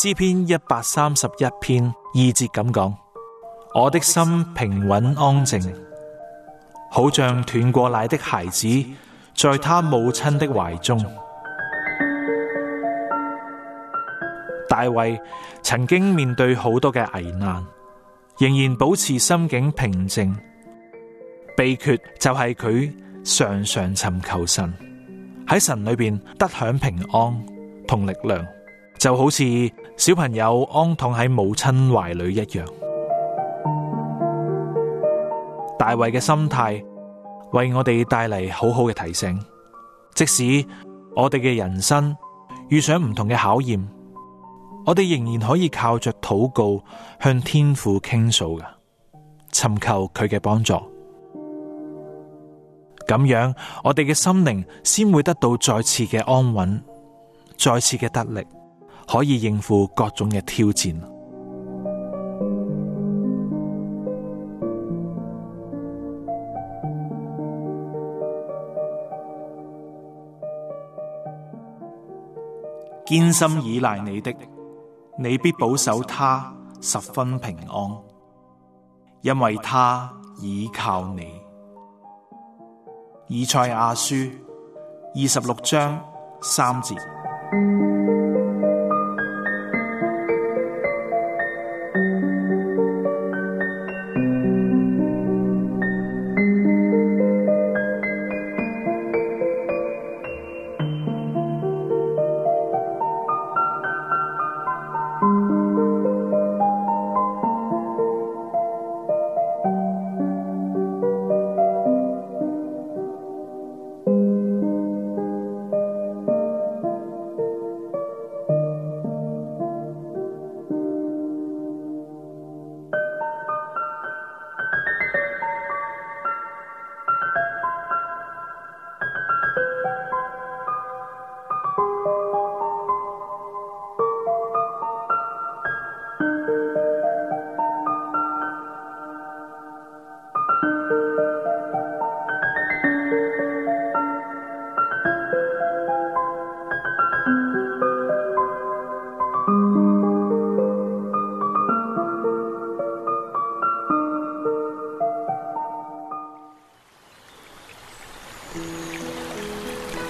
詩篇一百三十一篇二節咁講：我的心平穩安靜，好像斷過奶的孩子在他母親的懷中。大衛曾經面對好多嘅危難，仍然保持心境平靜，秘訣就係佢常常尋求神喺神裏邊得享平安同力量，就好似。小朋友安躺喺母親懷裏一樣，大衛嘅心態為我哋帶嚟好好嘅提醒。即使我哋嘅人生遇上唔同嘅考驗，我哋仍然可以靠着禱告向天父傾訴㗎，尋求佢嘅幫助。咁樣，我哋嘅心靈先會得到再次嘅安穩，再次嘅得力。可以應付各種嘅挑戰。堅心依賴你的，你必保守他十分平安，因為他倚靠你。以賽亞書二十六章三節。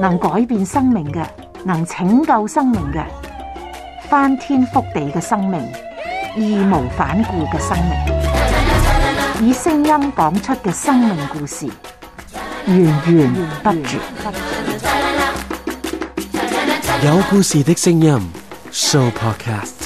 能改變生命嘅，能拯救生命嘅，翻天覆地嘅生命，義無反顧嘅生命，以聲音講出嘅生命故事，源源不絕。有故事的聲音 Sooo Podcast。